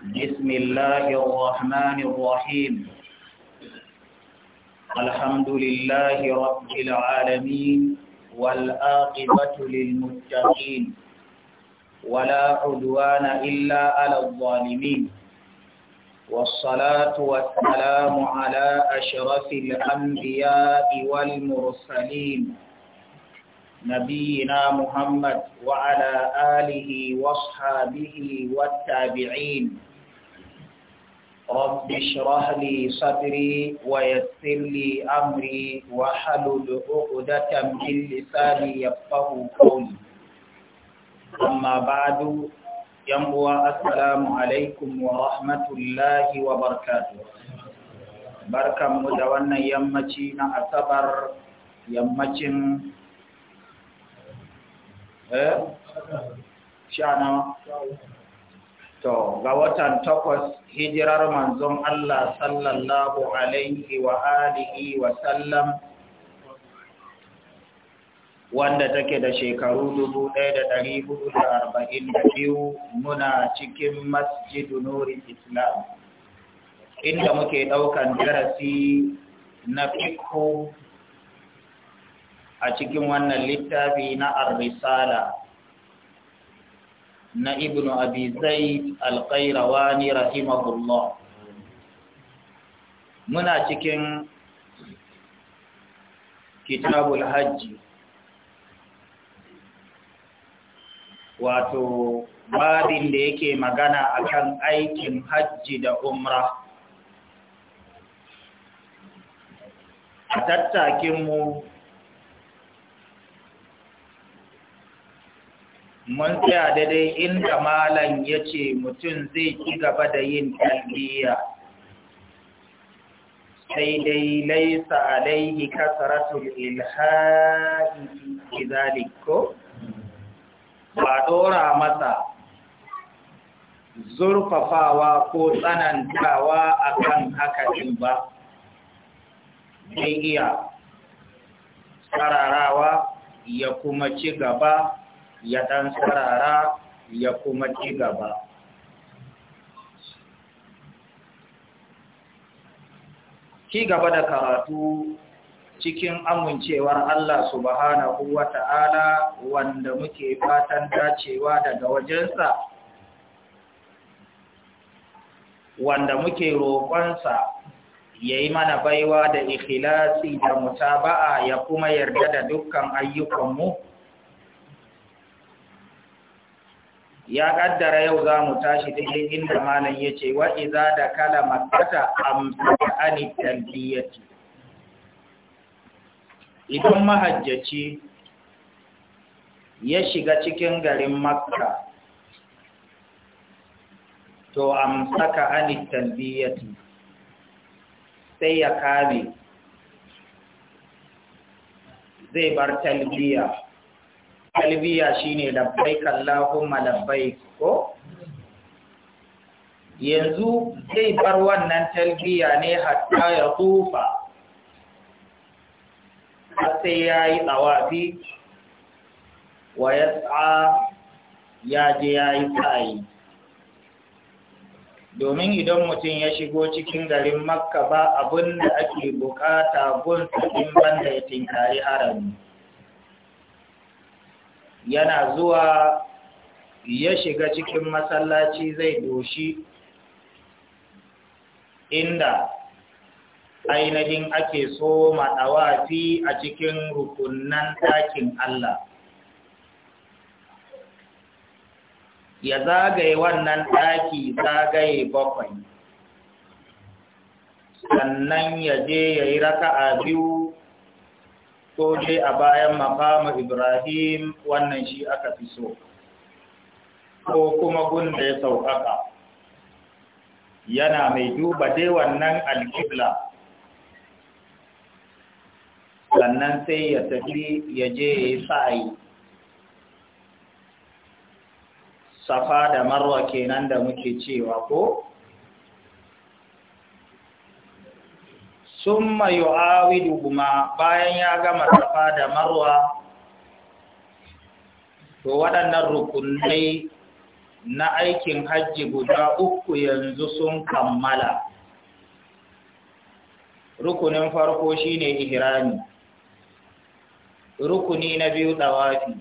بسم الله الرحمن الرحيم الحمد لله رب العالمين والآقبة للمتقين ولا عدوان إلا على الظالمين والصلاة والسلام على أشرف الأنبياء والمرسلين نبينا محمد وعلى آله وصحابه والتابعين رب اشرح لي صدري ويسر لي أمري وحلل عقدة من لساني يفقه قولي أما بعد يموى السلام عليكم ورحمة الله وبركاته barkan mu da wannan yammaci na asabar yammacin eh sha nawa To, ga watan takwas hijirar manzon Allah sallallahu Alaihi wa alihi wa sallam wanda take da shekaru biyu, muna cikin masjidu nurin Islam, inda muke ɗaukan darasi na fiko a cikin wannan littafi na ar na ibnu abi wa ni rahima rahimahullah muna cikin kitabul hajji wato babin da yake magana akan aikin hajji da umra a tattakinmu mun tsaya daidai inda malam ya ce mutum zai ci gaba da yin talbiya sai dai laisa alaihi kasaratul ilhaɗi kizalik ko ba ɗora masa zurfafawa ko tsanantawa akan haka ne ba zai iya tsararawa ya kuma ci gaba ya ɗan sarara ya kuma ci gaba ci gaba da karatu cikin amincewar Allah subhanahu wata'ala ta'ala wanda muke fatan dacewa daga wajensa, wanda muke roƙonsa ya yi mana baiwa da ikhilasi da mutaba'a ya kuma yarda da dukkan ayyukanmu ya kaddara yau za mu tashi daidai inda malam ya ce wa iza da kala makata amsaka ani talbiyati idan mahajjaci ya shiga cikin garin makka to saka ani talbiyati sai ya kame zai bar talbiya talbiya shine labbai kallahumma labbai ko yanzu zai bar wannan talbiya ne hatta ya tufa sai yi tsawafi wa tsa ya je ya yi tsayi. domin idan mutum ya shigo cikin garin makka ba abin da ake bukata gun ban da ya tinkari harami yana zuwa ya shiga cikin masallaci zai doshi inda ainihin ake so maɗawafi a cikin rukunan ɗakin Allah. Ya zagaye wannan ɗaki zagaye bakwai, sannan ya je ya yi raka'a biyu ko dai a bayan makamu Ibrahim wannan shi aka fi so, ko kuma gun da ya sauƙaƙa. Yana mai duba dai wannan alƙibla, sannan sai ya tafi ya je ya yi sa'ayi. Safa da marwa kenan da muke cewa ko? summa yu'awiduhuma bayan ya gama safa da marwa to waɗannan rukunai na aikin hajji guda uku yanzu sun kammala rukunin farko shine ihrami rukuni na biyu dawafi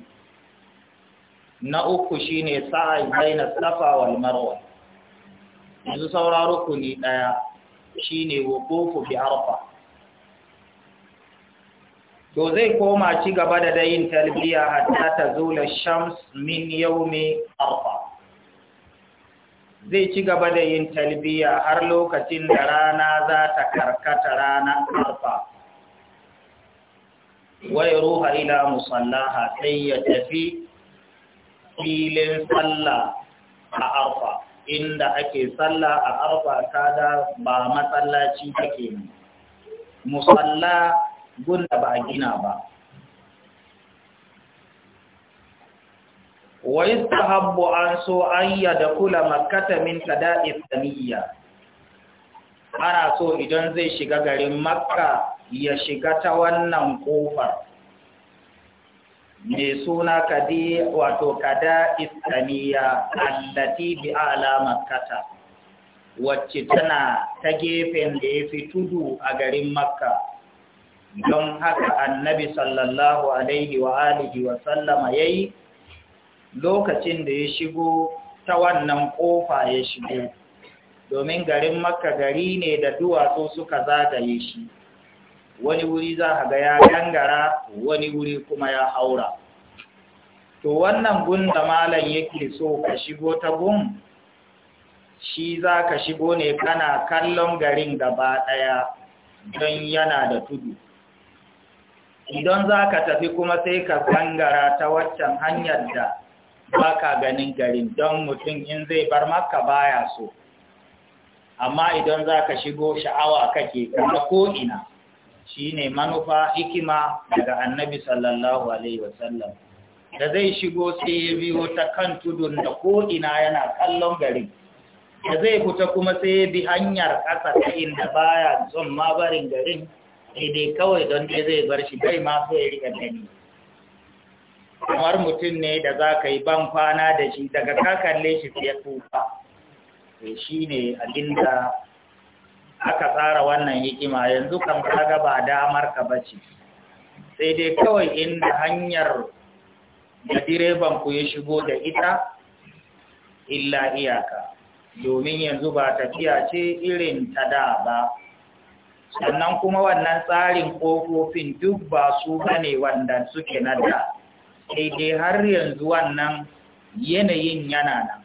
na uku shine sa'i baina safa wal marwa yanzu saura rukuni ɗaya. shine wuqufu bi arfa to zai koma ci gaba da dayin talbiya hatta tazula shams min yawmi arfa zai ci gaba da yin talbiya har lokacin da rana za ta karkata rana arfa wai ruha ila musallaha sai ya tafi filin sallah a arfa inda ake sallah a arfa kada ba masallaci take ne musalla gunda ba gina ba wa istahabbu an so an kula makkata min tada'i samiyya ana so idan zai shiga garin makka ya shiga ta wannan kofar mai suna kadi wato kada الوطنية bi بأعلى kata. wacce tana ta gefen da ya fi tudu a garin makka don haka annabi sallallahu alaihi wa alihi wa sallama ya yi lokacin da ya shigo ta wannan kofa ya shigo domin garin makka gari ne da duwatsu suka zagaye shi wani wuri za ga ya gangara wani wuri kuma ya haura to wannan gun da malam yake so ka shigo ta gun shi za ka shigo ne kana kallon garin gaba ɗaya don yana da tudu idan za ka tafi kuma sai ka sangara ta waccan hanyar da ba ka ganin garin don mutum in zai bar maka baya so amma idan za ka shigo sha'awa kake kama ko'ina shi ne manufa hikima daga annabi sallallahu alaihi wasallam da zai shigo sai ya biyo ta kan tudun da ko'ina yana kallon gari da zai fita kuma sai ya bi hanyar ƙasa ta inda baya son ma barin garin daidai kawai don dai zai bar shi bai ma so ya riƙa gani kamar mutum ne da za ka yi ban kwana da shi daga ka kalle shi ya tufa sai shi ne abinda aka tsara wannan hikima yanzu kan ka ga ba damar ka bace sai dai kawai inda hanyar da direban ku ya shigo da ita illa iyaka domin yanzu ba tafiya ce irin ta da ba sannan kuma wannan tsarin ƙofofin duk ba su bane wanda suke na da sai dai har yanzu wannan yanayin yana nan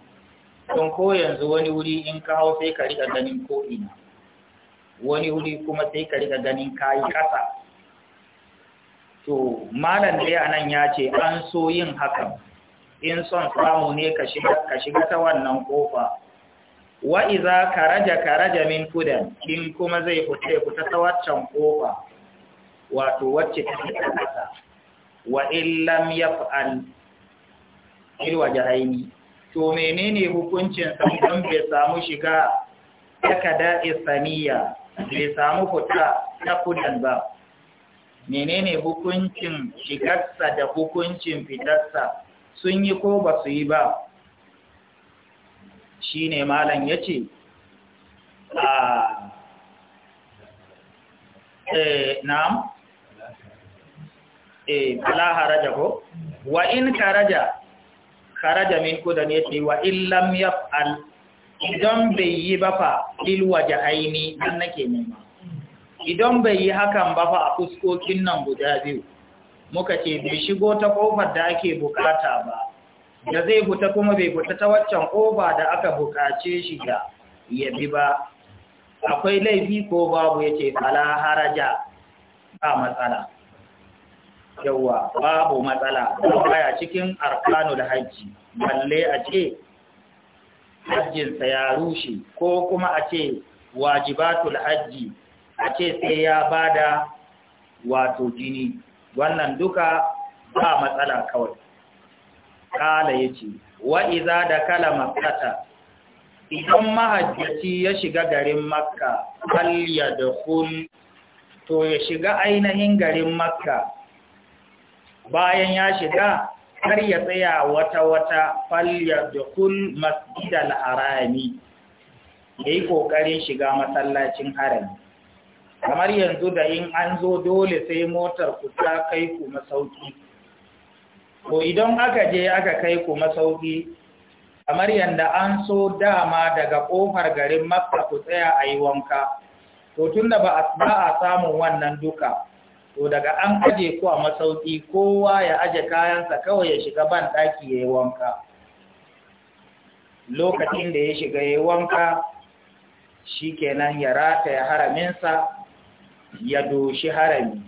don ko yanzu wani wuri in ka hau sai ka riƙa ganin ko'ina wani wuri kuma sai ka riƙa ganin kayi ƙasa to malam dai anan ya ce an so yin hakan in son samu ne ka shiga ta wannan kofa wa iza karaja karaja min kudan in kuma zai fita fita ta waccan kofa wato wacce ta fita kasa wa in lam yaf'al irwa jahaini to menene hukuncin sa idan bai samu shiga ta kada isaniya bai samu fita ta kudan ba menene hukuncin shigarsa da hukuncin fitarsa sun yi ko ba su yi ba shi ne malam ya ce a ah, eh, na'am e haraja ko wa in karaja karaja min ne ce wa in lam al idan bai yi ba fa lil wajhaini nake nema idan bai yi hakan ba fa a fuskokin nan guda biyu muka ce bai shigo ta kofar da ake bukata ba da zai fita kuma bai fita ta waccan kofa da aka bukace shi da ya bi ba akwai laifi ko babu ya ce fala haraja ba matsala yawa babu matsala baya cikin arkanul hajji balle a ce hajjinsa ya rushe ko kuma a ce wajibatul hajji a ce sai ya ba da wato jini wannan duka ba matsala kawai kala ya ce wa'iza da kala makata idan mahajjaci ya shiga garin makka halya da to ya shiga ainihin garin makka bayan ya shiga har ya tsaya wata-wata falya da kun masjidal harami ya yi ƙoƙarin shiga masallacin harami kamar yanzu da in an zo dole sai motar ku ta kai ku masauki ko idan aka je aka kai ku masauki kamar yanda an so dama daga kofar garin makka ku tsaya a yi wanka to tun da ba a samu wannan duka to daga an aje ku a masauki kowa ya aje kayansa kawai ya shiga ban ɗaki ya yi wanka lokacin da ya shiga ya yi wanka shi kenan ya rata haraminsa ya doshi harami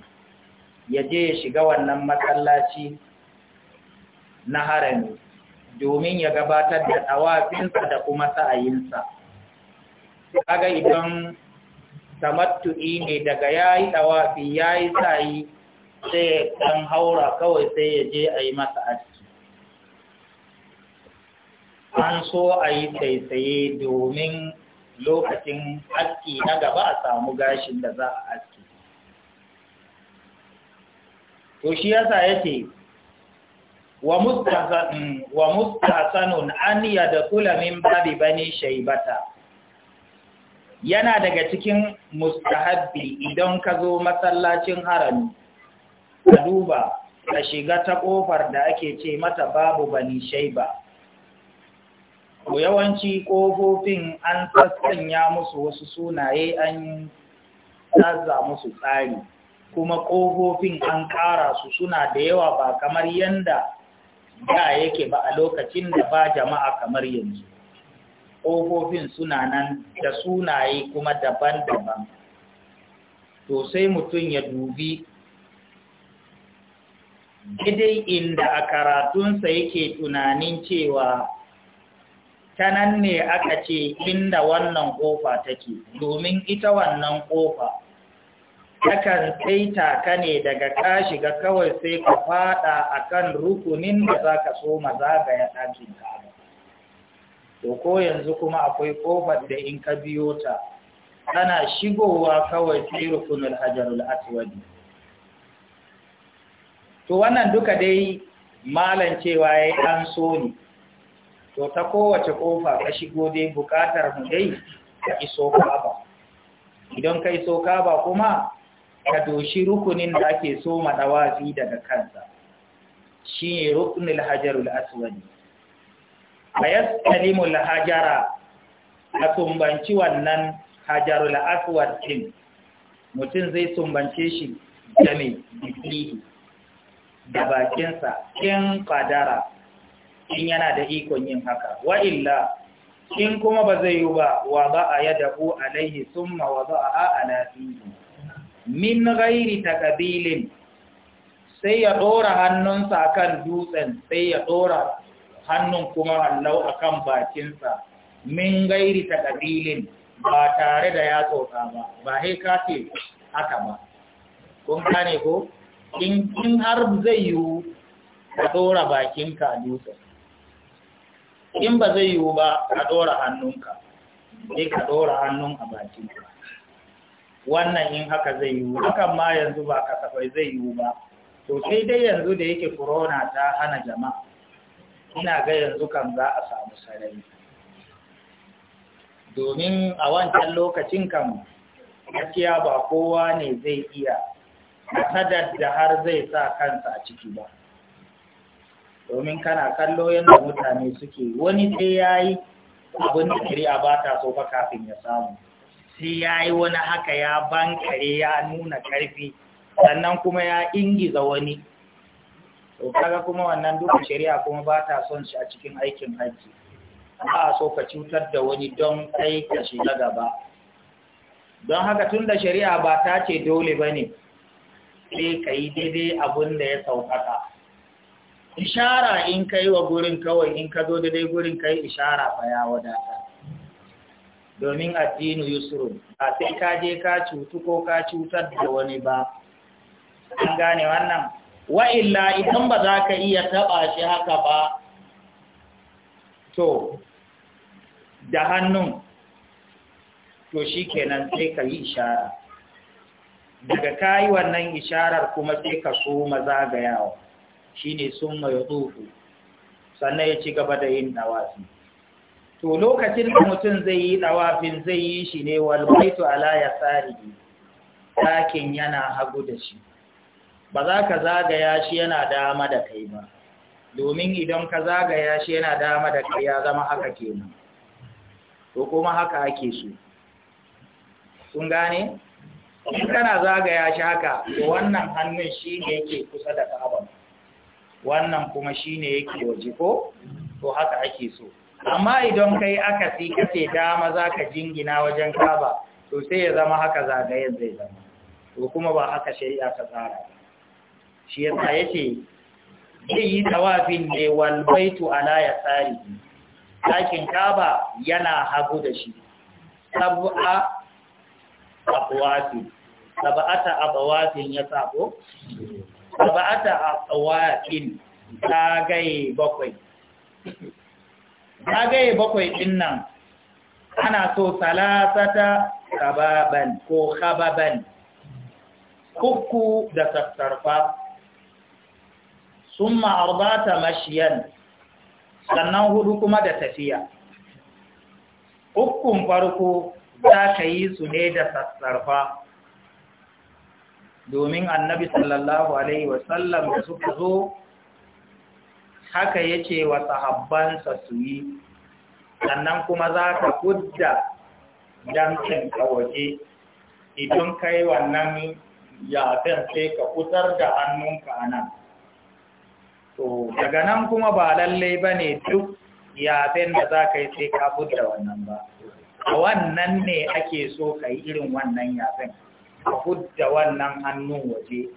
ya je ya shiga wannan matsalaci na harami domin ya gabatar da tsawafinsa da kuma sa'ayinsa kaga idan tamattu'i ne daga ya yi tsawafi yi sa'ayi sai ɗan haura kawai sai ya je a yi masa aski an so a yi tsaitsaye domin lokacin aski na gaba a samu gashin da za a aski to shi yasa yace wa mustahsan mm, wa mustahsanun an yadkhula min babi bani shaybata yana daga cikin mustahabbi idan ka zo masallacin harami ka duba ka shiga ta kofar da ake ce mata babu bani shaiba ko yawanci kofofin an sassanya musu wasu sunaye an tsaza musu tsari kuma ƙofofin an ƙara su suna da yawa ba kamar yanda da yake ba a lokacin da ba jama'a kamar yanzu ƙofofin suna nan da sunaye kuma daban-daban to sai mutum ya dubi Gidai inda a karatunsa yake tunanin cewa ta nan ne aka ce inda wannan ƙofa take domin ita wannan ƙofa yakan tsaita ka ne daga ka shiga kawai sai ka fada akan rukunin da za ka so mazagaya ɗakin ka'aba to ko yanzu kuma akwai ƙofar da in ka biyo ta tana shigowa kawai sai rukunin hajarul aswadi to wannan duka dai malan cewa yayi an so ne to ta kowace ƙofa ka shigo dai buƙatar mu dai ka iso kaba idan ka iso kaba kuma ka doshi rukunin da ake so ma maɗawafi daga kansa shi ne rukunin hajarul aswani a yastalimul hajara a sumbanci wannan hajarul aswad ɗin mutum zai sumbance shi da mai da bakinsa in kadara in yana da ikon yin haka Wa illa, in kuma ba zai yi ba wa ba a yada ko alaihi sun mawa wa ba a alafihi min gairi takabilin sai ya ɗora hannunsa akan dutsen sai ya ɗora hannun kuma hallau akan bakinsa min gairi takabilin ba tare da ya tsotsa ba ba sai ka ce haka ba kun gane ko in har zai yiwu ka ɗora bakinka a dutsen in ba zai yiwu ba ka ɗora hannunka sai ka ɗora hannun a bakinka wannan in haka zai yiwu hakan ma yanzu ba kasafai zai yiwu ba to sai dai yanzu da yake corona ta hana jama'a ina ga yanzu kan za a samu sarari domin a wancan lokacin kan gaskiya ba kowa ne zai iya hasadar da har zai sa kansa a ciki ba domin kana kallo yadda mutane suke wani sai ya yi abin da a ba ta so ba kafin ya samu sai ya yi wani haka ya bankare ya nuna ƙarfi sannan kuma ya ingiza wani to kaga kuma wannan duka shari'a kuma ba ta son shi a cikin aikin haji ba a so ka cutar da wani don kai ka shiga gaba don haka tun da shari'a ba ta ce dole ba ne sai ka yi daidai abin da ya sauƙaƙa ishara in ka yi wa gurin kawai in ka zo daidai gurin ka yi ishara ba ya wadatar domin addinu yusrun ba sai ka je ka cutu ko ka cutar da wani ba an gane wannan wa illa idan ba za ka iya taba shi haka ba to da hannun to shi kenan sai ka yi ishara daga ka yi wannan isharar kuma sai ka so mazagayawa shi ne sun mai sannan ya ci gaba da yin dawasi to lokacin da mutum zai yi ɗawafin zai yi shi ne walbaitu alaya ya tsari ɗakin yana hagu da shi ba za ka zagaya shi yana dama da kai ba domin idan ka zagaya shi yana dama da kai ya zama haka ke mu to kuma haka ake so Sun gane kana zagaya shi haka to wannan hannun shi ne yake kusa da ka'aba wannan kuma shi ne yake waje ko to haka ake so amma idan kai aka si kace dama za ka jingina wajen kaba to sai ya zama haka zagayen zai zama to kuma ba aka shari'a ta tsara ba. shi ya yasa yace zai yi tawafin ne wal baitu ala ya tsari ɗakin kaba yana hagu da shi sab'a abwatin sab'ata abwatin ya sako sab'ata abwatin zagaye bakwai zagaye bakwai ɗin nan ana so salasata kababan ko kababan kuku da sassarfa sun ma'arbata mashiyan sannan hudu kuma da tafiya ukun farko za ka yi su ne da sassarfa domin annabi sallallahu alaihi wasallam da suka zo haka yace wa sahabbansa su yi sannan kuma za ka kudda damcin a waje idan kai wannan yafen sai ka kusar da hannunka a nan to daga nan kuma ba lallai ba ne duk yafen da za ka yi sai ka kudda wannan ba wannan ne ake so ka yi irin wannan yafen ka kudda wannan hannun waje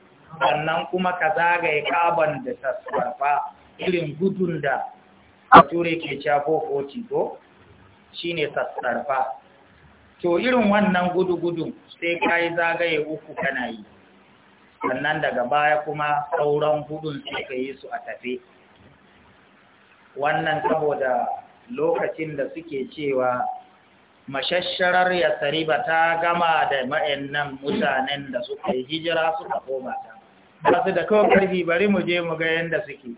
sannan kuma ka zagaye kaban da ta sarfa irin gudun da ture ke cafo 40 ko shine sassarfa to irin wannan gudu-gudun sai ka yi zagaye uku kana yi sannan daga baya kuma sauran gudun sai ka yi su a tafe wannan saboda lokacin da suke cewa mashasharar ya ba ta gama da nan mutanen da suka yi hijira suka koma ta ba su da kawo karfi bari mu je mu ga yadda suke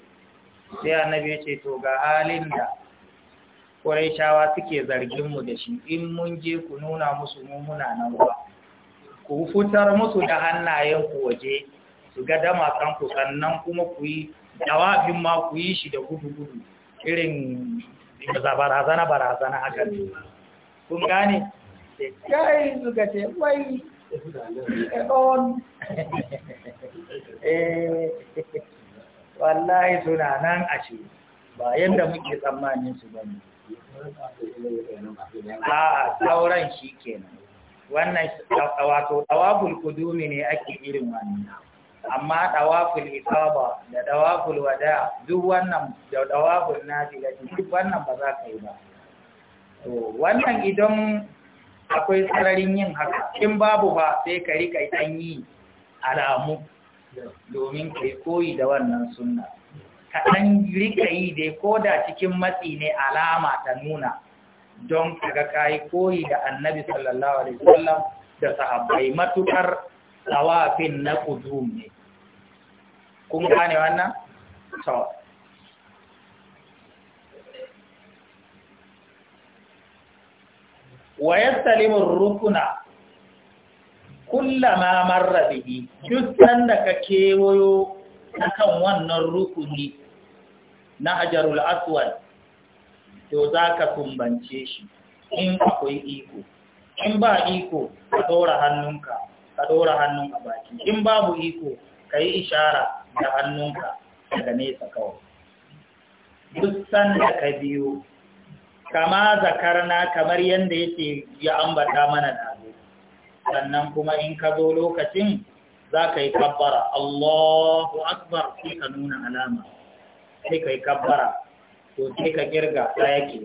sai annabi ya ce to ga halin da shawa suke zargin mu da shi in mun je ku nuna musu mummuna nan ba ku fitar musu da hannayenku waje su ga ku sannan kuma ku yi dawafin ma ku yi shi da gudu-gudu irin barazana-barazana haka kun gane kai ga ce wai eh, wallahi suna nan a ce ba yadda muke tsammanin su ba ne a sauran shi kenan wannan wato ɗawaful kudumi ne ake irin wannan amma ɗawaful isaba da ɗawaful wada duk wannan da ɗawaful nafila duk wannan ba za ka yi ba to wannan idan akwai tsararin yin haka in babu ba sai ka rika yi alamu domin yi koyi da wannan sunna kaɗan rika yi dai ko da cikin matsi ne alama ta nuna don kaga kayi koyi da annabi sallallahu alaihi wasallam da sahabbai matukar tsawafin na kudum ne kun gane wannan sau. wa limin rukuna kullama marra bihi duk sanda ka kewayo akan wannan rukuni na hajarul aswad to za ka kumbance shi in akwai iko in ba iko ka ɗora hannunka ka dora hannun a baki in babu iko ka yi ishara da hannunka daga nesa kawai duk sanda ka biyo kama zakarna kamar yadda yake ya ambata mana da sannan kuma in ka zo lokacin za ka yi kabbara Allahu Akbar sai ka nuna alama sai ka yi kabbara to sai ka girga ɗaya ke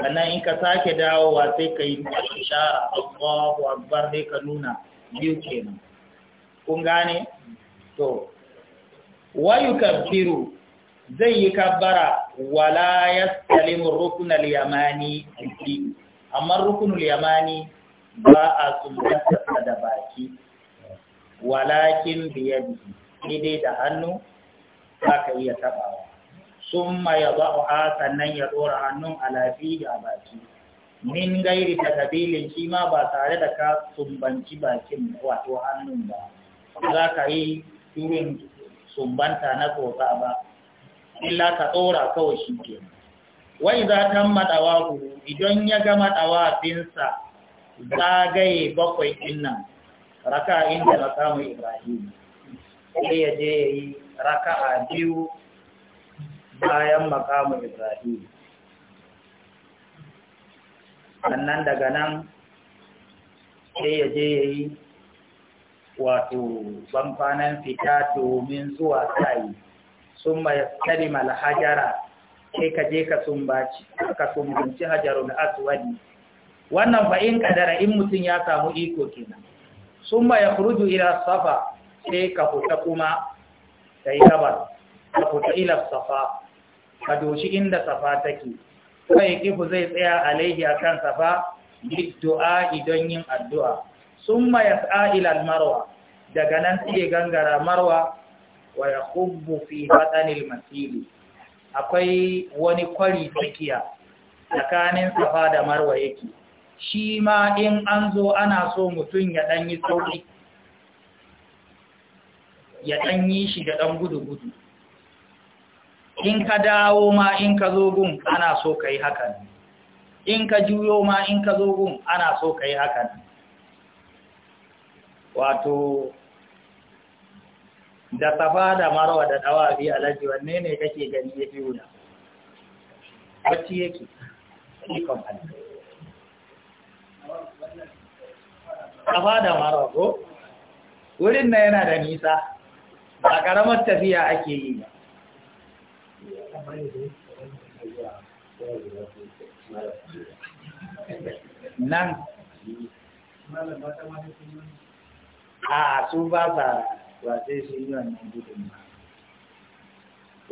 sannan in ka sake dawowa sai ka yi shara Allahu Akbar sai ka nuna biyu kenan kun gane to wayu kabbiru zai yi kabbara wala yastalimu Rukunar yamani amma Rukunar yamani ba a sumbantarsa da baki walakin biyadi daidai da hannu za ka iya tabawa sun ma ya a sannan ya ɗora hannun alafi a baki min gairi ta kabilin shi ma ba tare da ka sumbanci bakin wato hannun ba za ka yi turin sumbanta na tsotsa ba illa ka tsora kawai shi ke wai za ta maɗawa idan ya gama ɗawafinsa zagaye bakwai ɗin nan raka inda na samu ibrahim sai ya je ya yi raka a biyu bayan makamu ibrahim sannan daga nan sai ya je ya yi wato banfanan fita domin zuwa sa'i sun mai kalima alhajara sai ka je ka sumbaci ka sumbanci hajarun aswadi wannan fa in kadara in mutum ya samu iko kenan summa yakhruju ila safa sai ka fita kuma ka ba ka fita ila safa ka doshi inda safa take kai kifu zai tsaya alaihi akan safa du'a idan yin addu'a summa yas'a ila marwa daga nan sai gangara marwa wa yakhubbu fi batanil masjid akwai wani kwari tsakiya tsakanin safa da marwa yake shi ma in an zo ana so mutum ya ɗan yi sauri ya ɗan yi shi da ɗan gudu-gudu in ka dawo ma in ka zo gun ana so ka yi hakan in ka juyo ma in ka zo gun ana so ka yi hakan wato da safa da marwa da dawafi alaji wanne ne kake gani ya fi wuda wacce yake ikon alaji kafa da maroko wurin na yana da nisa ba karamar tafiya ake yi ba nan a su ba sa wace su yi wannan gudun ba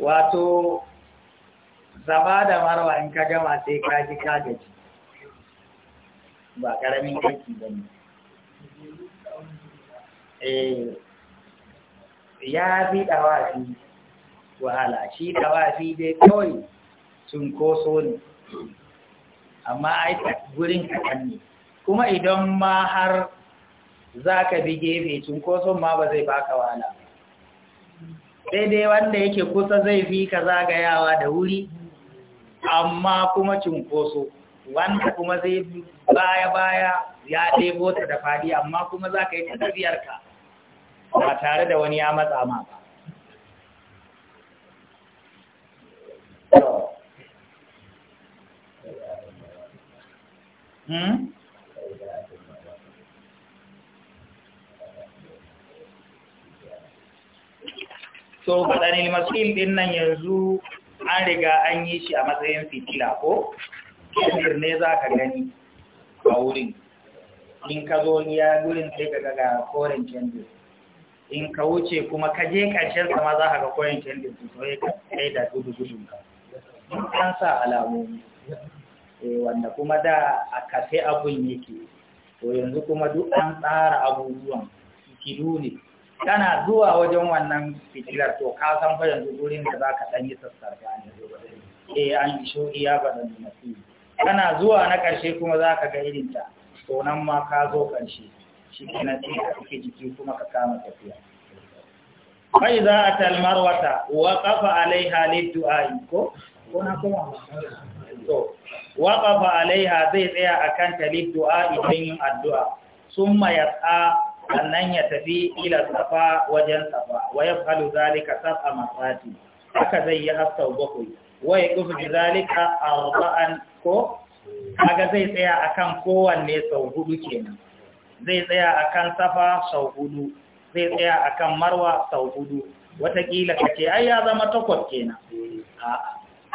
wato zama da marwa in ka gama sai kaji kagaji ba karamin aiki ba ne Eh, ya fi ɗawafi wahala shi ɗawafi dai kawai cunkoso ne amma aika gurin kaɗan ne kuma idan ma har za ka bi gefe cunkoson ma ba zai baka wahala daidai wanda yake kusa zai fi ka zagayawa da wuri amma kuma cunkoso wanda kuma zai baya-baya ya ɗebo ta da faɗi, amma kuma za ka yi tafiyarka ba tare da wani ya matsa ma ba Hmm? so faɗanil masil ɗin nan yanzu an riga an yi shi a matsayin fitila ko kyanir ne za ka gani a wurin in ka zo ya gurin sai ka gaga koren kyandir in ka wuce kuma ka je ƙarshen sama za ka ga koyon candle to sai ka kai da gudu gudun ka duk kan sa alamomi E eh, wanda kuma da a kafe abun yake to yanzu kuma duk an tsara abubuwan kidu ne kana zuwa wajen wannan fitilar to ka san fa yanzu gurin da za ka ɗan yi sassarfa ne eh an isho iya ba da kana zuwa na ƙarshe kuma za ka ga irinta to nan ma ka zo ƙarshe shi kenan sai ka sake jiki kuma ka kama tafiya kai za a talmar wata wa kafa alaiha liddu'ai ko ko na kuma to wa kafa alaiha zai tsaya a akan ta liddu'ai don yin addu'a sun summa yas'a sannan ya tafi ila safa wajen safa wa ya falu zalika sab'a masati haka zai yi har bakwai wa ya kufu bi zalika arba'an ko kaga zai tsaya a kan kowanne sau hudu kenan zai tsaya a kan safa sau hudu zai tsaya a kan marwa sau hudu watakila ka ce ai ya zama takwas kenan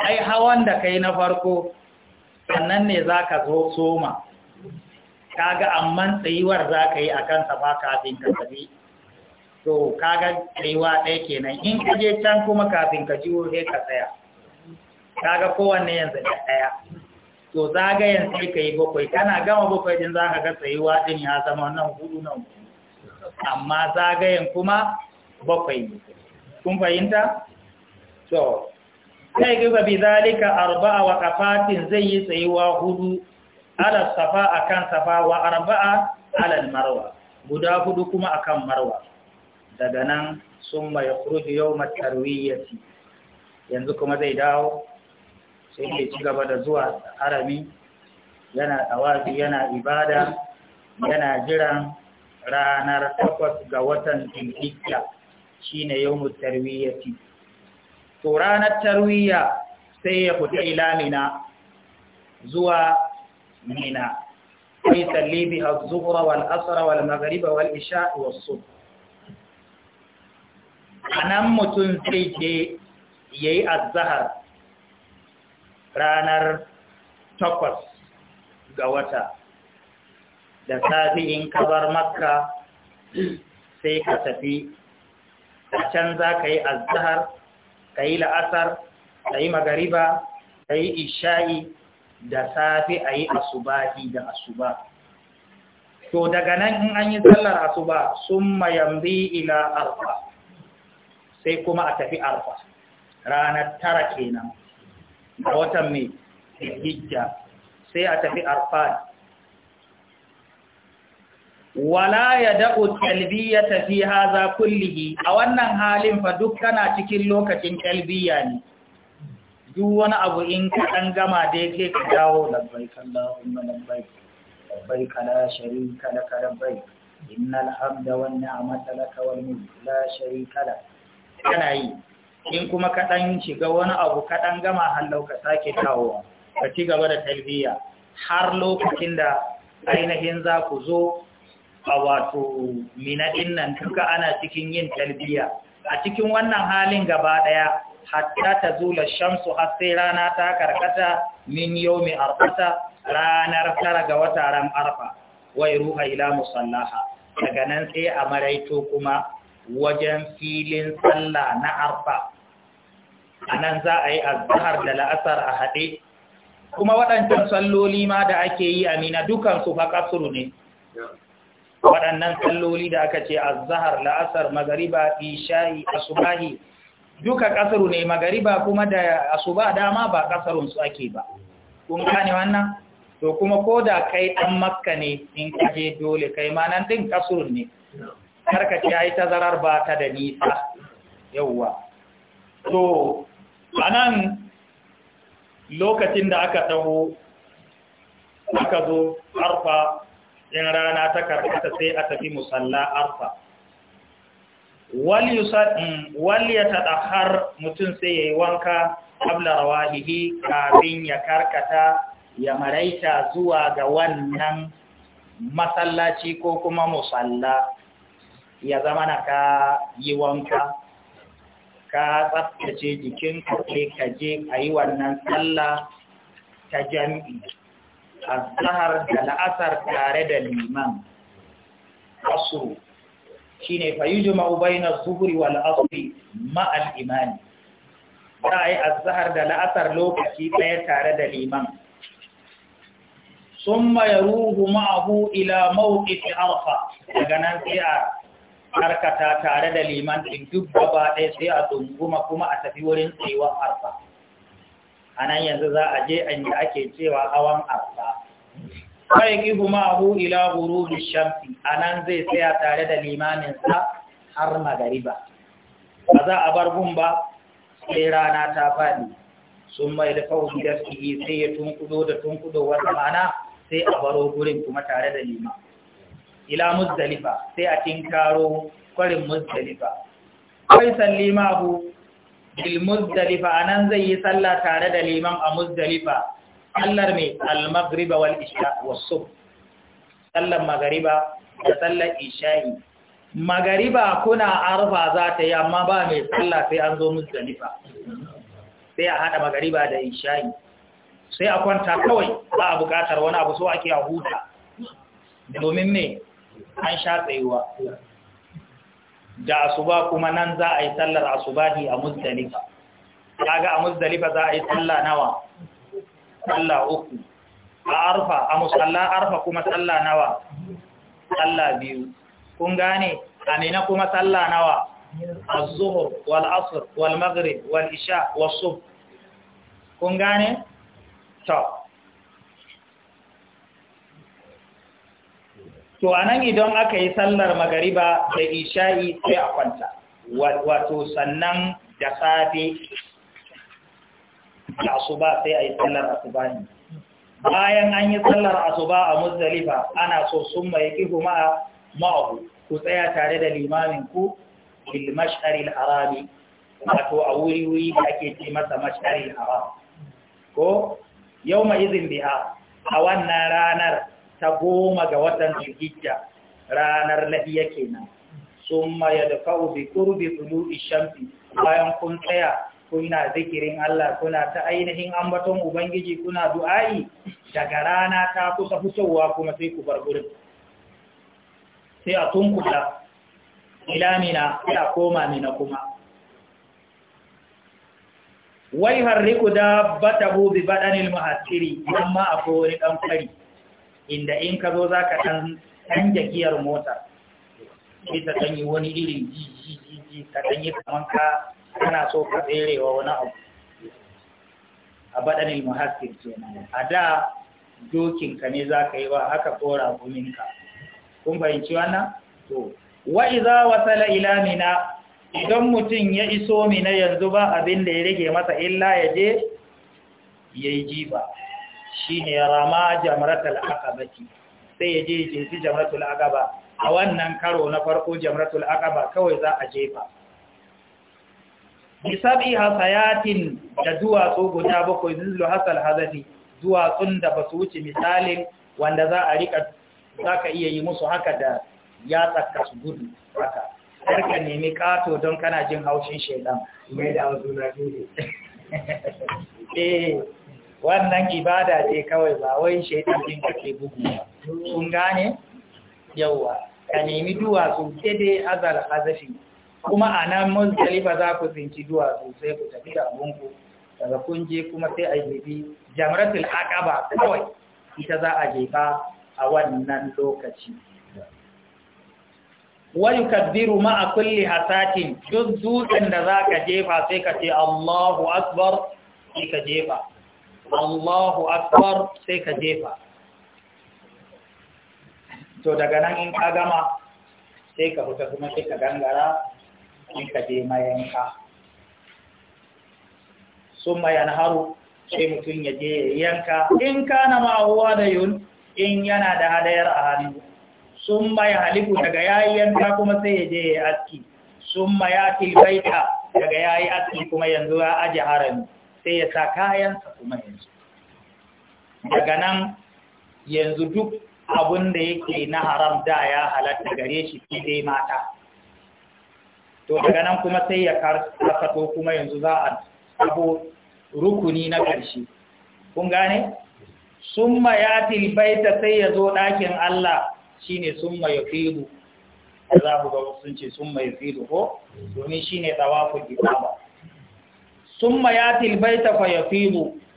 ai hawan da kai na farko sannan ne za ka zo soma kaga amman tsayuwar za ka yi a kan safa kafin ka tafi to kaga tsayuwa ɗaya kenan in ka je can kuma kafin ka jiwo sai ka tsaya kaga kowanne yanzu da ɗaya to zagayen sai ka yi bakwai kana gama bakwai din za ka ga tsayuwa din ya zama nan hudu nan amma zagayen kuma bakwai ne kun fahimta? to sai gaba bi zalika arba'a wa kafatin zai yi tsayuwa hudu ala safa akan safa wa arba'a ala marwa guda hudu kuma akan marwa daga nan sun mai kuru yau matarwiyyati yanzu kuma zai dawo sai ya ci gaba da zuwa harami yana tawafi yana ibada yana jiran ranar takwas ga watan Zulhijja shine yawmut tarwiyati to ranar tarwiyya sai ya fita ila zuwa mina sai salli a az wal asra wal maghriba wal isha was a anan mutum sai je yayi azahar zahar ranar takwas ga wata da safi in bar makka sai ka tafi a can za ka yi azahar ka yi la'asar ka yi magariba ka yi isha'i da safi a yi asubahi da asuba to daga nan in an yi sallar asuba sun mayambi ila arfa sai kuma a tafi arfa ranar tara kenan a watan mai hijja sai a tafi arfad wala ya da'u talbiya tafi haza kullihi a wannan halin fa duk kana cikin lokacin talbiya ne duk wani abu in ka ɗan gama dai ke ka dawo labbaik Allahumma labbaik labbaik ka sharika kala labbaik Inna hamda wan ni'mata lak wal mulk la sharika lak kana yi in kuma kaɗan shiga wani abu kaɗan gama hallau ka sake kawo ka ci gaba da talbiya har lokacin da ainihin za ku zo a wato minaɗin nan duka ana cikin yin talbiya a cikin wannan halin gaba ɗaya hatta ta zula shamsu har sai rana ta karkata min yau mai arfata ranar tara ga wata ran arfa wai ruha ila musallaha daga nan sai a maraito kuma wajen filin sallah na arfa a nan za a yi azhar da la'asar a haɗe kuma waɗancan salloli ma da ake yi a mina dukansu fa ne waɗannan salloli da aka ce azahar la'asar magariba isha'i asubahi duka ƙasaru ne magariba kuma da asuba dama ba kasarun su ake ba kun gane wannan to kuma ko da kai ɗan makka ne in kaje dole kai ma nan ɗin kasurun ne karkace ya yi tazarar ba ta da nisa yauwa to a nan lokacin da aka taho aka zo arfa in rana ta karkata sai a tafi musalla arfa wali mm, ya taɗa har mutum sai ya yi wanka abla rawahihi kafin ya karkata ya maraita zuwa ga wannan masallaci ko kuma musalla ya zama na ka yi wanka ka tsaftace jikin sai ka je ka yi wannan sallah ta A azhar da la'asar tare da liman asru shine fa yujma'u bayna na zuhri wal asri ma'a za a yi da la'asar lokaci ɗaya tare da liman summa ruhu ma'ahu ila mawqif Alfa daga nan sai harkata tare da liman ɗin duk gaba ɗaya sai a tsunguma kuma a tafi wurin tsayuwar arfa a nan yanzu za a je yi ake cewa hawan arfa kawai gihu Abu ila da shamfi a nan zai tsaya tare da limaninsa har magariba ba za a bar gun ba sai rana ta faɗi sun mai da fawo sai ya tunkudo da tunkudo wata mana sai a baro gurin kuma tare da liman ila muzdalifa sai a tinkaro kwarin muzdalifa kai salli ma'ahu bil muzdalifa anan zai yi sallah tare da liman a muzdalifa sallar mai al-maghriba wal isha was subh sallar magariba da sallar isha'i magariba kuna arfa za ta yi amma ba mai sallah sai an zo muzdalifa sai a hada magariba da isha'i sai a kwanta kawai ba a bukatar wani abu so ake a huta domin ne an sha tsayuwa da asuba kuma nan za a yi sallar asubahi a muzdalifa ga a muzdalifa za a yi sallah nawa sallah uku a arfa a musalla arfa kuma sallah nawa sallah biyu kun gane a nina kuma sallah nawa A Zuhur, wal asir wal magrib wal isha wasu kun gane to to anan idan aka yi sallar magariba da isha'i sai a kwanta wato sannan da safe da asuba sai a yi sallar asuba ne bayan an yi sallar asuba a muzdalifa ana so sun mai kihu ma'a ma'ahu ku tsaya tare da limamin ku bil Al-Arabi, wato a wuri wuri da ake ce masa mash'aril haram ko yau ma izin biya a wannan ranar ta goma ga watan zulhijja ranar lahiya kenan da yadfa'u bi kurbi tulu'i shamsi bayan kun tsaya kuna zikirin Allah kuna ta ainihin ambaton ubangiji kuna du'a'i daga rana ta kusa fitowa kuma sai ku bar gurin sai a tunkula ila mina koma mina kuma wai harriku dabbatahu bi baɗanil muhassiri amma a wani ɗan fari inda in ka zo za ka ɗan jakiyar giyar mota sai ta ɗan yi wani irin jijiji ka ɗan yi kaman ka ana so ka tserewa wani abu a baɗanin muhaskir na. a da dokinka ne za ka yi ba haka tsora guminka kun fahimci wannan to wa iza wasala ila mina idan mutum ya iso mina yanzu ba abin da ya rage masa illa ya je ya yi jifa Shi shine rama jamratul aqabati sai ya je jefi jamratul aqaba a wannan karo na farko jamratul aqaba kawai za a jefa sabi hasayatin da duwatsu guda bakwai zillu hasal hazafi duwatsun da basu wuce misalin wanda za a rika ka iya yi musu haka da ya tsaka su gudu haka ka nemi kato don kana jin haushin shaidan mai da wasu na wannan ibada ce kawai ba wai shaidan din ke bugu ba kun gane yawa ka nemi duwatsu sai dai azal hazafi kuma a nan muzdalifa za ku tsinci duwatsu sai ku tafi da abunku daga kun je kuma sai a jefi jamratul aqaba kawai ita za a jefa a wannan lokaci wani kaddiru ma'a kulle hasatin duk dutsen da za ka jefa sai ka ce Allahu Akbar sai ka jefa Allahu Akbar sai ka jefa. To daga nan in ka gama sai ka fita kuma sai ka gangara in ka je mayanka. Sun mayan haru sai mutum ya je yanka in ka na ma'uwa da yun in yana da hadayar a hannu. Sun mai haliku daga yayi yanka kuma sai ya je ya aski. Sun ma ya tilbaita daga yayi aski kuma yanzu ya aji harami. sai ya sa kayansa kuma yanzu daga nan yanzu duk abin da yake na haram da ya halatta gare shi dai mata to daga nan kuma sai ya karsato kuma yanzu za a sabo rukuni na ƙarshe kun gane summa ya tilbaita sai ya zo ɗakin Allah shine summa ya fidu za mu ga sun ce summa ya fidu ko domin ne tsawafin ba sun tilbai baita fa ya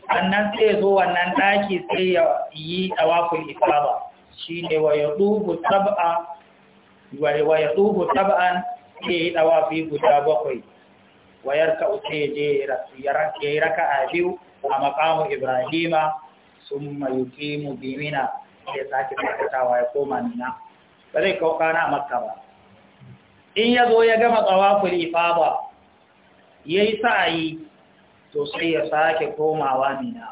A annan sai zo wannan ɗaki sai ya yi ɗawafin ifaba shi ne wa ya ɗubu taba'an sai ya yi ɗawafi guda bakwai wayar ka uce ya yi raka a biyu a makamu ibrahima sun mayuki mu bimina ya sake kakatawa ya koma nina ba zai kauka na makka ba in ya zo ya gama tsawafin ifaba ya yi sa'ayi to sai ya sake komawa mina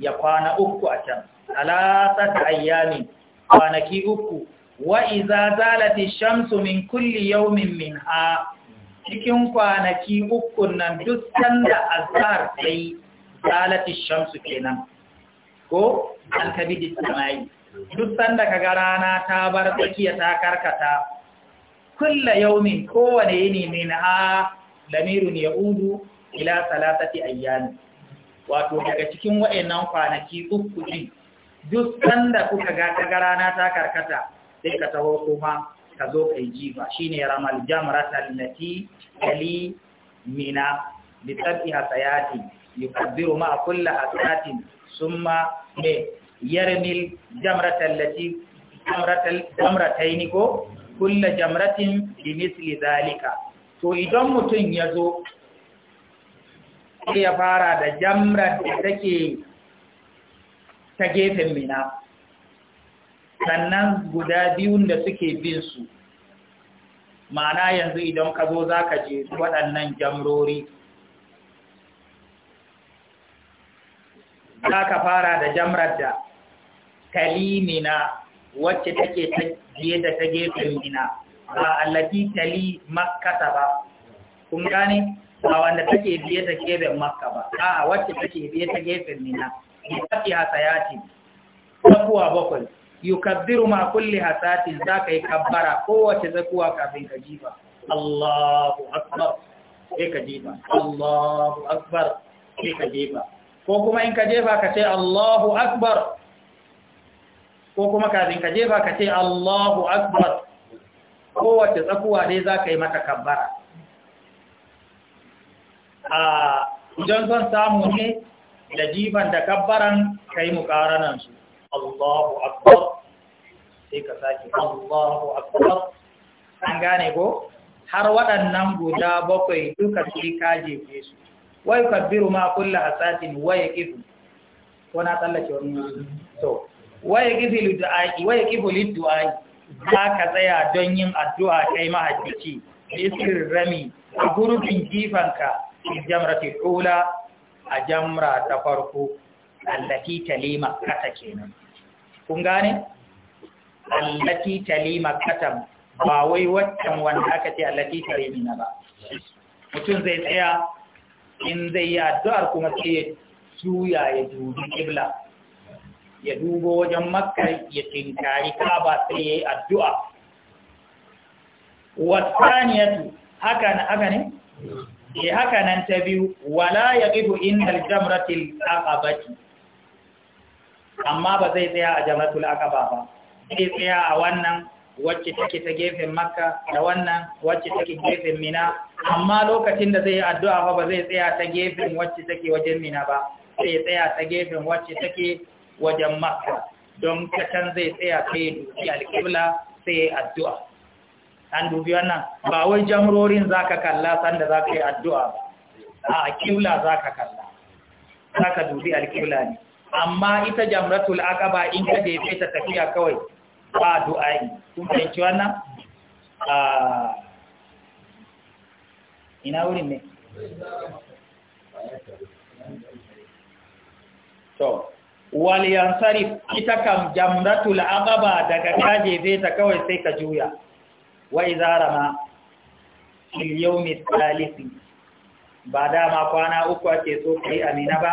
ya kwana uku a can talatata ayyami kwanaki uku wa iza zalati shamsu min kulli yawmin minha cikin kwanaki uku nan duk sanda azhar sai zalati shamsu kenan ko an duk sanda kaga rana ta bar tsakiya ta karkata kulla yawmin kowane yini minha lamirun yaudu ila salatati ayyami wato daga cikin wayannan kwanaki uku din duk sanda kuka ga ta rana ta karkata sai ka taho kuma ka zo kai jifa shine ramal jamrat allati ali mina bi tabiha sayati yukabbiru ma kullu hasayatin summa ne yarmil jamrat allati jamrataini ko kullu jamratin bi misli zalika to idan mutun yazo sai ya fara da jamrar da take ta gefen mina sannan guda biyun da suke bin su ma'ana yanzu idan ka zo za ka je waɗannan jamrori za ka fara da jamrar da talimina wacce take ta biye da ta gefen mina ba allati tali makata ba kun gane ba wanda take biye ta gefen makka ba a wacce take biye ta gefen mina yaki hasayati zakuwa bakwai yukaddiru ma kulli hasati za ka yi kabbara kowace zakuwa kafin ka jifa Allahu akbar sai ka jefa Allahu akbar sai ka jefa ko kuma in ka jefa ka ce Allahu akbar ko kuma kafin ka jefa ka ce Allahu akbar kowace tsakuwa dai za ka yi mata kabbara a zan samu ne da jifan da kabbaran ka yi muƙaranan su Allahu Akbar sai ka sake Allahu Akbar an gane ko har waɗannan guda bakwai duka sai ka jefe su wai kabbiru ma kullu asatin wai kifu ko na tsallake wani to wai kifu lidu'ai wai kifu lidu'ai za ka tsaya don yin addu'a kai mahajjici da rami a gurbin jifanka fi jamrati ula a jamra ta farko allati talima kata kenan kun gane allati talima katam ba wai waccan wanda aka ce allati talimina ba mutum zai tsaya in zai yi addu'ar kuma sai ya juya ya ya duba wajen makka ya tinkari kaba sai ya yi addu'a wasaniyatu haka ne e haka nan ta biyu wala ya gibu inda jamratul aqabati amma ba zai tsaya a jamratul aka ba zai tsaya a wannan wacce take ta gefen makka da wannan wacce take gefen mina amma lokacin da zai yi addu'a ba ba zai tsaya ta gefen wacce take wajen mina ba zai tsaya ta gefen wacce take wajen makka don ta zai tsaya sai duki alƙibla sai addu'a an dubi wannan ba wai jamrorin za ka kalla sanda za ka yi addu'a ba a kiwla za ka kalla za ka dubi alkiwla ne amma ita jamratul ba in ka jefe ta tafiya kawai ba yi kun fahimci wannan a ina wurin ne to wal yansarif ita kam jamratul aqaba daga kaje zai ta kawai sai ka juya wa zarama ilyomi tsalisi ba dama kwana uku ake so ka yi amina ba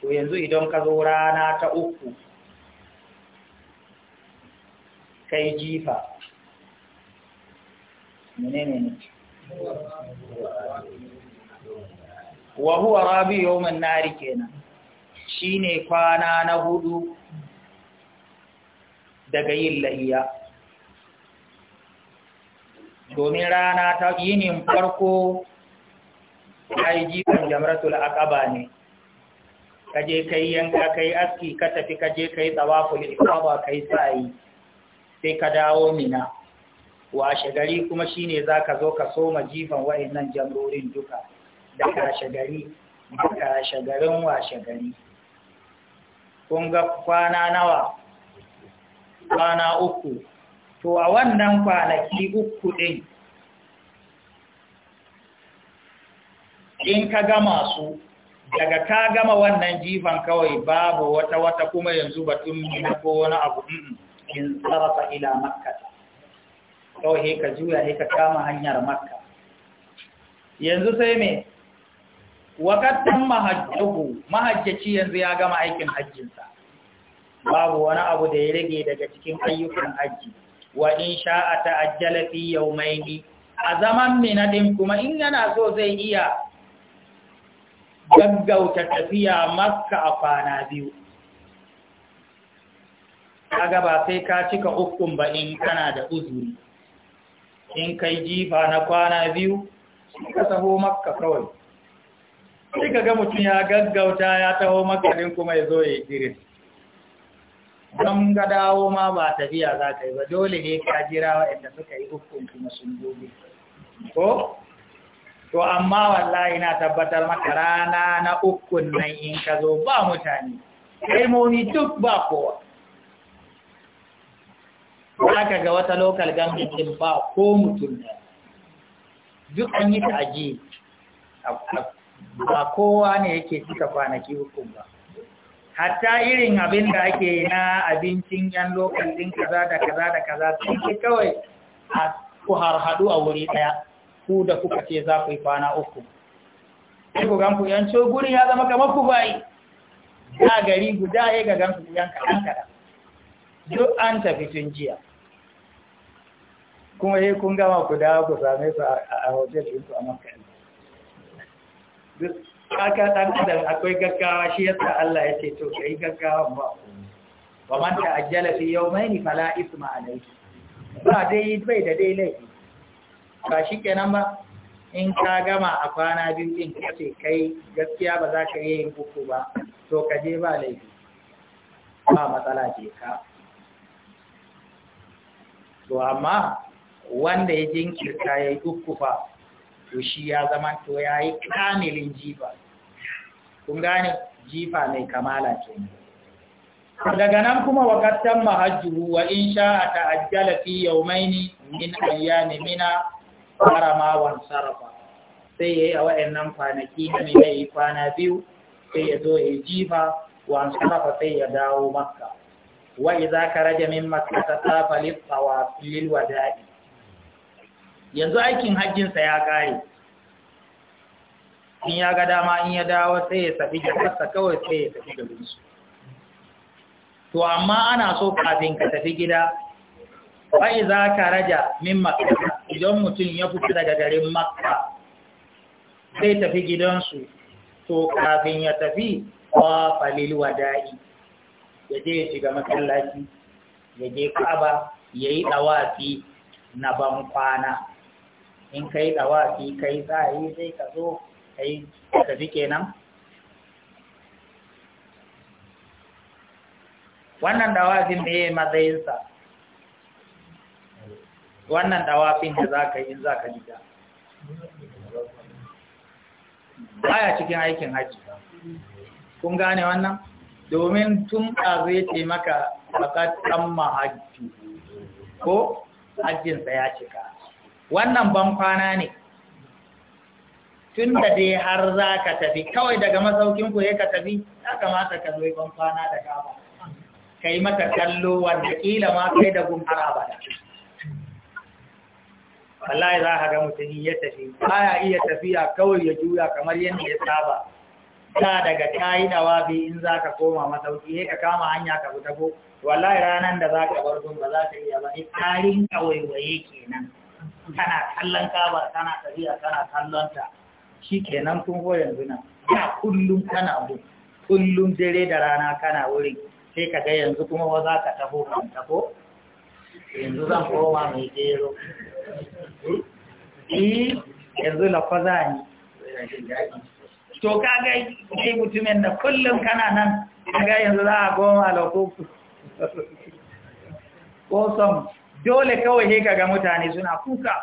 to yanzu idan ka zo rana ta uku kai jifa menene ne wa huwa rabi nari kenan shine kwana na hudu daga yin lahiya domin rana ta yinin farko ya yi jifin jamratul akaba ne Ka je ka yi yanka ka yi aski ka tafi ka ka je yi kaje kai tsawaful ka kai sa'i sai ka dawo mina Wa shagari kuma shi ne za ka zo ka soma jifan wa'annan jamrorin duka da ka shagari da ka shagarin wa shagari? kun ga kwana nawa kwana uku to a wannan kwanaki uku ɗin in ka gama su daga ka gama wannan jifan kawai babu wata wata kuma yanzu batun na ko wani abu in sarrafa ila makka kawai he ka juya he ka kama hanyar makka yanzu sai me wakatan mahajjahu mahajjaci yanzu ya gama aikin hajjinsa babu wani abu da ya rage daga cikin ayyukan hajji wa in a ta'ajjala fi yawmaini a zaman minadin kuma in yana so zai iya gaggauta tafiya makka a kwana biyu kaga ba sai ka cika hukun ba in kana da uzuri in kai jifa na kwana biyu ka taho makka kawai sai ga mutum ya gaggauta ya taho makarin kuma ya zo ya yi girin don ga dawo ma ba tafiya za ka yi ba dole ne ka jira waɗanda suka yi hukunci na sun gobe ko to amma wallahi na tabbatar maka rana na ukun nan in ka zo ba mutane kalmomi duk ba kowa aka ga wata local government din ba ko mutum ne, duk an yi ta ba kowa ne yake cika kwanaki hukun ba hatta irin abin da ake na abincin yan lokal din kaza da kaza da kaza sun fi kawai a ku harhadu a wuri ɗaya ku da kuka ce za ku yi kwana uku sai ku ganku yanco guri ya zama kamar ku bayi ya gari guda ya ga ganku yan kaɗan kaɗan duk an tafi tun jiya kuma yi kun gama ku da ku same su a hotel ɗinku a makarai aka dan adam akwai gaggawa shi yasa Allah ya ce to kai gaggawa ba wa man ajjala fi yawmayni fala isma alayhi ba dai bai da dai laifi ba kenan ba in ka gama a kwana biyu din kace kai gaskiya ba za ka yi uku ba to ka je ba laifi ba matsala ce ka to amma wanda ya jinkirta ya yi uku to shi ya zama to ya yi kamilin jifa kun gane jifa mai kamala ce daga nan kuma wakattan mahajjuhu wa in sha'a ta'ajjala fi yawmaini min ayyami mina fara mawan sarrafa sai yayi a wayannan kwanaki ne yayi kwana biyu sai ya zo ya jifa wa sarrafa sai ya dawo makka wa idza karaja min makka ta safa lil wa wada'i yanzu aikin hajjinsa ya kare in ya ga dama in ya dawo sai ya tafi gidansa kawai sai ya tafi garinsu to amma ana so kafin ka tafi gida bai za ka raja min makka idan mutum ya fita daga garin makka sai tafi gidansu to kafin ya tafi wa falil wada'i ya je ya shiga masallaci ya je ka'aba ya yi ɗawafi na ban kwana in ka yi ɗawafi ka yi yi sai ka zo kai tafi kenan wannan dawafin me matsayinsa wannan dawafin da za ka yi za ka gida baya cikin aikin hajji kun gane wannan domin tun ɗazu ya ce maka bakatan mahajji ko hajjinsa ya cika wannan ban kwana ne tun da dai har za ka tafi kawai daga ku ya ka tafi ya kamata ka zo ban kwana da gaba ka yi mata kallo wanda kila ma kai da a abada wallahi za ka ga mutum ya tafi baya iya tafiya kawai ya juya kamar yadda ya saba ta daga kayi da wabi in za ka koma masauki ya ka kama hanya ka fita ko wallahi ranar da za ka bar gun ba za ka iya ba tarin waye kenan kana kallon kaba kana tafiya kana kallon ta shi kenan kun ko yanzu nan ya kullum kana bu kullum dare da rana kana wurin sai ka ga yanzu kuma ba za ka taho kan taho yanzu zan koma mai gero eh yanzu lafaza ne to ka ga kai mutumin da kullum kana nan ga yanzu za a koma lafafu ko dole kawai ka ga mutane suna kuka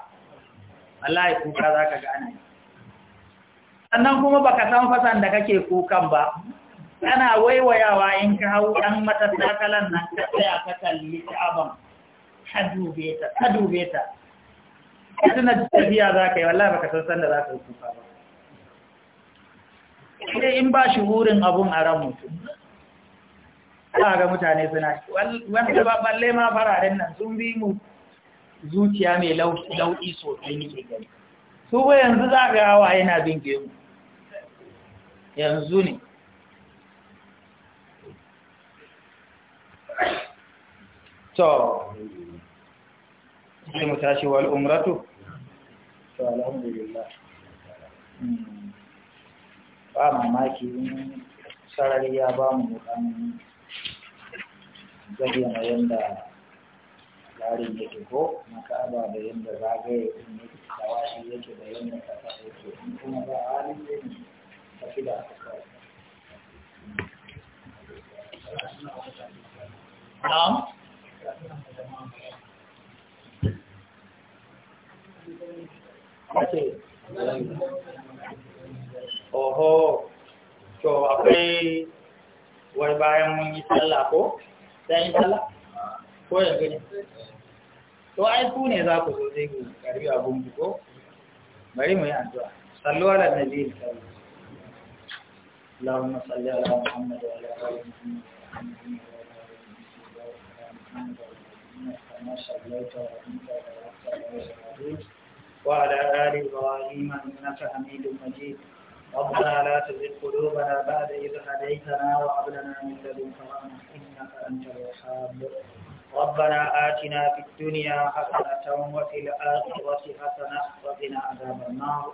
wallahi kuka za ka ga sannan kuma ba ka san fasan da kake kukan ba kana waiwayawa in ka hau ɗan matattakalan nan ka tsaya ka kalli abin ka dube ta ka dube ta tafiya za ka yi wallah baka san sanda za ka yi kuka ba sai in ba shi wurin abun a ran mutum ba ga mutane suna wanda ba balle ma fararen nan sun bi mu zuciya mai lauɗi sosai nike gani su ba yanzu za ga hawa yana bin gemu yanzu ne to zai mu tashi wal umratu to alhamdulillah hmm. ba mamaki sarari ya ba mu kan zayyana yadda tsarin yake ko na ka'aba da yadda zagaye ne da washi yake da yadda kasa yake kuma ba halin yake Na'am? Ake. Oho, to akwai wani bayan mun yi sallah ko? Sai yi sallah? Ko yanzu ne? To ai ku ne za ku zo zai karbi abun ko? Bari mu yi addu'a. Sallu ala nabi sallallahu اللهم صل على محمد وعلى آل محمد محمد صليت وعلى آل إبراهيم إنك حميد مجيد ربنا لا تزغ قلوبنا بعد إذ هديتنا وهب لنا من لدنك رحمة إنك أنت الوهاب ربنا آتنا في الدنيا حسنة وفي الآخرة حسنة وقنا عذاب النار